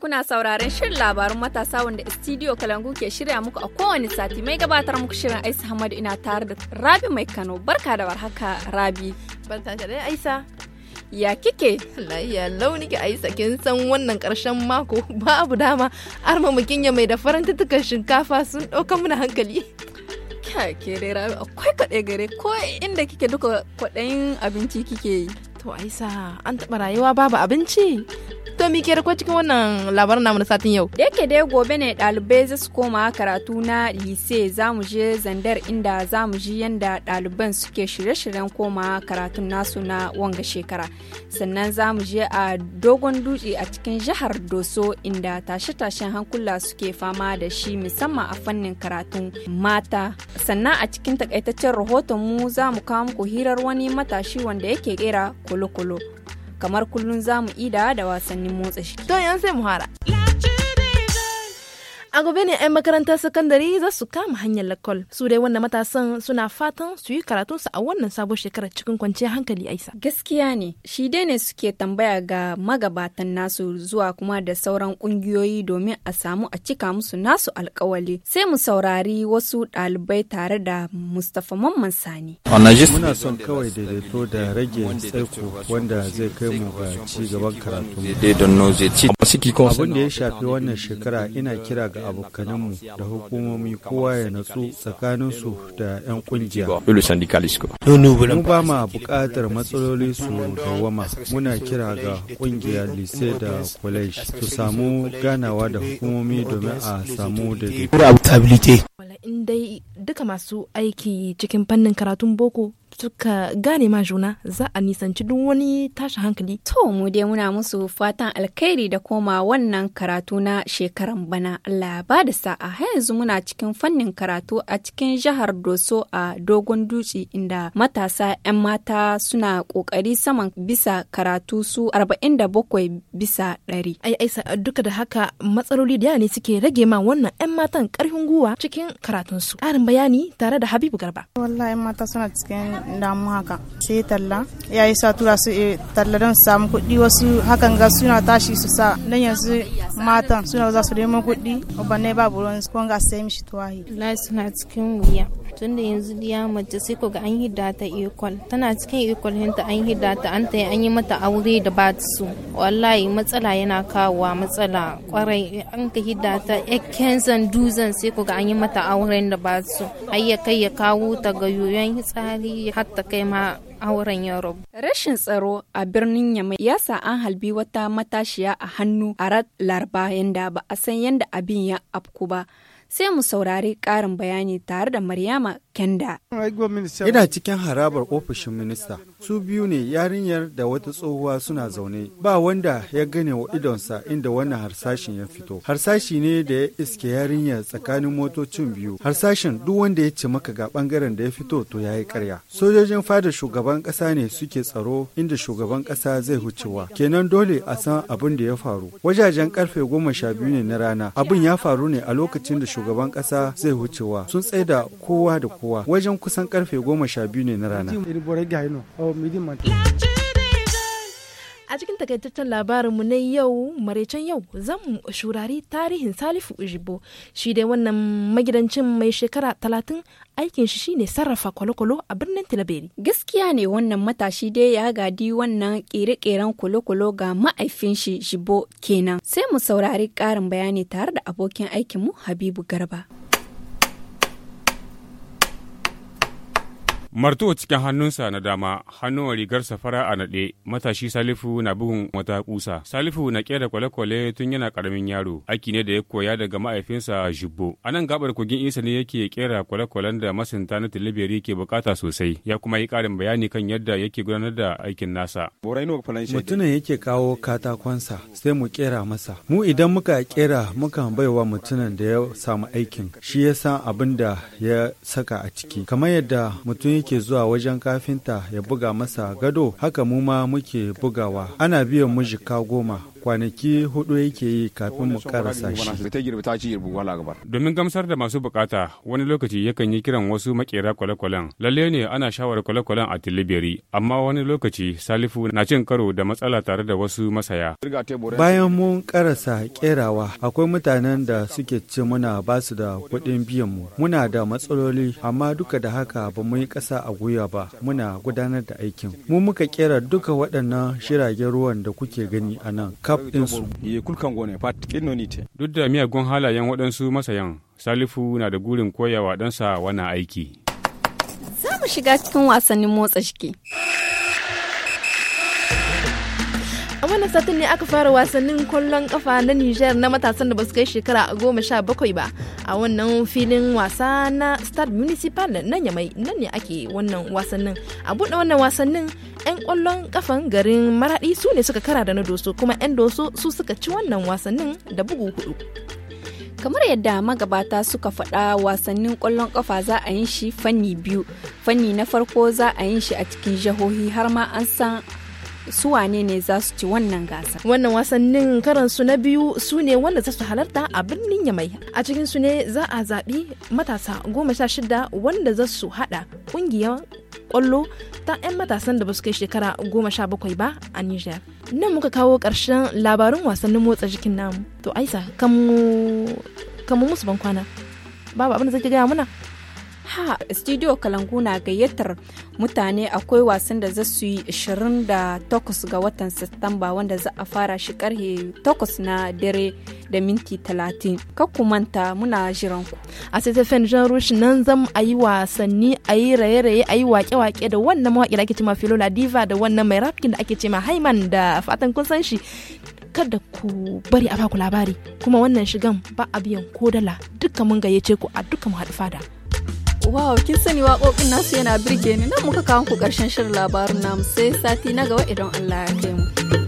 kuna sauraron shirin labarun matasa wanda studio kalangu ke shirya muku a kowane sati mai gabatar muku shirin aisa hamadu ina tare da rabi mai kano barka da warhaka rabi barka da aisa ya kike layya launi ki aisa kin san wannan karshen mako babu dama arma mukin ya mai da farin tutukan shinkafa sun ɗauka mana hankali ke dai akwai kaɗai gare ko inda kike duka kwaɗayin abinci kike yi to aisa an taɓa rayuwa babu abinci to mi ko wannan labarin namu na satin yau da yake dai gobe ne ɗalibai za su koma karatu na lise za mu je zandar inda za mu ji yanda ɗaliban suke shirye-shiryen koma karatu nasu na wanga shekara sannan za mu je a dogon dutse a cikin jihar doso inda tashe-tashen hankula suke fama da shi musamman a fannin karatun mata sannan a cikin takaitaccen rahoton mu za mu kawo muku hirar wani matashi wanda yake kera kolokolo. kamar kullum za mu ida da wasannin motsa shi. To yanzu sai mu hara. A gobe ne 'yan makarantar sakandare za su kama hanyar lakol. Su dai wanda matasan suna fatan su yi su a wannan sabon shekarar cikin kwanciyar hankali aisa. Gaskiya ne, shi dai ne suke tambaya ga magabatan nasu zuwa kuma da sauran kungiyoyi domin a samu a cika musu nasu alkawali. Sai mu saurari wasu ɗalibai tare da Mustapha Mamman Sani. Muna son kawai daidaito da rage tsaiko wanda zai kai mu ga ci gaban karatu. Abin da ya shafi wannan shekara ina kira ga mu da hukumomi kowa ya natsu su da 'yan kungiya. Mu ba ma buƙatar matsaloli su dawama muna kira ga kungiyar lise da college su samu ganawa da hukumomi domin a samu in dai duka masu aiki cikin fannin karatun boko suka gane ma juna za a nisanci duk wani tashin hankali. To mu dai muna musu fatan alkhairi da koma wannan karatu na shekaran bana Allah ba da sa'a har yanzu muna cikin fannin karatu a cikin jihar Doso a Dogon Dutse inda matasa 'yan mata suna kokari saman bisa karatu su 47 bisa 100. Ai aisa duka da haka matsaloli da ne suke rage ma wannan 'yan matan karfin guwa cikin karatunsu. Ƙarin bayani tare da Habibu Garba. Wallahi mata suna cikin damu haka sai talla yayi sa tura su eh, talla don samu kuɗi wasu hakan ga suna tashi su sa dan yanzu matan suna za su nemo kuɗi ubanne babu ruwan su kun ga sai mishi tuwahi lai suna cikin wuya tunda yanzu ya mace sai ko ga an hidda ta ikon tana cikin ikon hinta an hidda ta an ta an yi mata aure da ba ta so wallahi matsala yana kawowa matsala kwarai an ka hidda ta ekenzan duzan sai ko ga an yi mata auren da ba ta so ayya kai ya kawo ta ga yoyon tsari har ta kai ma auren yaro. Rashin tsaro a birnin Yamai ya sa an halbi wata matashiya a hannu a rat larba yanda ba a san yanda abin ya afku ba. sai mu saurari ƙarin bayani tare da Maryama Kenda. Ina cikin harabar ofishin minista. Su biyu ne yarinyar da wata tsohuwa suna zaune. Ba wanda ya gane wa idonsa inda wannan harsashin ya fito. Harsashi ne da ya iske yarinyar tsakanin motocin biyu. Harsashin duk wanda ya ce maka ga bangaren da ya fito to ya yi karya. Sojojin fada shugaban kasa ne suke tsaro inda shugaban kasa zai hucewa. Kenan dole a san abin da ya faru. Wajajen karfe goma sha biyu ne na rana. Abin ya faru ne a lokacin da shugaban kasa zai hucewa. Sun tsaida kowa da kowa. kowa wajen kusan karfe goma sha biyu ne na rana. a cikin takaitaccen labarinmu na yau maraicen yau zan shurari tarihin salifu ujibo shi dai wannan magidancin mai shekara talatin aikin shi shine sarrafa kwalokwalo a birnin tilaberi gaskiya ne wannan matashi dai ya gadi wannan kere-keren kwalokwalo ga ma'aifin shi jibo kenan sai mu saurari karin bayani tare da abokin aikinmu habibu garba martuwa cikin hannunsa na dama hannuwan rigar safara a naɗe matashi salifu na bugun wata kusa salifu na ƙera kwale-kwale tun yana ƙaramin yaro aiki ne da ya koya daga ma'aifinsa jubbo a nan gabar kogin isa ne yake ƙera kwale-kwalen da masinta na tilibiri ke buƙata sosai ya kuma yi ƙarin bayani kan yadda yake gudanar da aikin nasa mutumin yake kawo katakonsa sai mu ƙera masa mu idan muka ƙera muka baiwa mutumin da ya samu aikin shi ya san abin da ya saka a ciki kamar yadda mutum yake zuwa wajen kafinta ya buga masa gado haka mu ma muke bugawa ana biyan mu jika goma kwanaki hudu yake yi kafin mu karasa shi. Domin gamsar da masu bukata wani lokaci yakan yi kiran wasu makera kwale-kwalen. Lalle ne ana shawar kwale-kwalen a Tilibiri, amma wani lokaci Salifu na cin karo da matsala tare da wasu masaya. Bayan mun karasa kerawa akwai mutanen da suke ce muna ba su da kuɗin biyan mu. Muna da matsaloli amma duka da haka ba mu yi ƙasa a gwiwa ba muna gudanar da aikin. Mu muka kera duka waɗannan shiragen ruwan da kuke gani a nan. kaf ɗinsu. Eh, Duk da miyagun halayen waɗansu masayan, Salifu na da gurin koyawa ɗansa wani aiki. Za mu shiga cikin wasannin motsa jiki. a wannan satin ne aka fara wasannin kwallon kafa na niger na matasan da basu kai shekara goma sha bakwai ba a wannan filin wasa na Stade Municipal na Yamai nan ne ake wannan wasannin a buɗe wannan wasannin 'yan ƙwallon kafan garin maraɗi su ne suka kara da na doso kuma 'yan doso su suka ci wannan wasannin da bugu hudu kamar yadda magabata suka faɗa wasannin ƙwallon ƙafa za a yin shi fanni biyu fanni na farko za a yin shi a cikin jihohi har ma an san su wane ne za su ci wannan gasar. wannan wasannin karansu na biyu su ne wanda za su halarta a birnin yamai a cikin su ne za a zaɓi matasa goma sha shida wanda za su haɗa ƙungiyar ƙwallo ta 'yan matasan da ba su kai shekara goma sha bakwai ba a Nijar. Nan muka kawo ƙarshen labarin wasannin motsa jikin namu. To Aisa, kamu, musu ban kwana. Babu abin da zai gaya muna. ha studio kalangu na gayyatar mutane akwai wasan da za su yi 28 ga watan satamba wanda za a fara shi karhe 8 na dare da minti 30 ka manta muna jiranku. ku a stephen jean rush nan zan a yi wasanni a yi raye-raye a yi wake-wake da wannan mawaƙi da ake cema filola diva da wannan mai rafkin da ake cema haiman da fatan kun san shi kada ku bari a baku labari kuma wannan shigan ba a biyan ko dala dukkan mun gayyace ku a dukkan mu haɗu fada Wow, kin sani waƙoƙin nasu yana birge ni nan muka kawo ku ƙarshen shirin labarin namu sai sati na gaba idan Allah ya kai mu.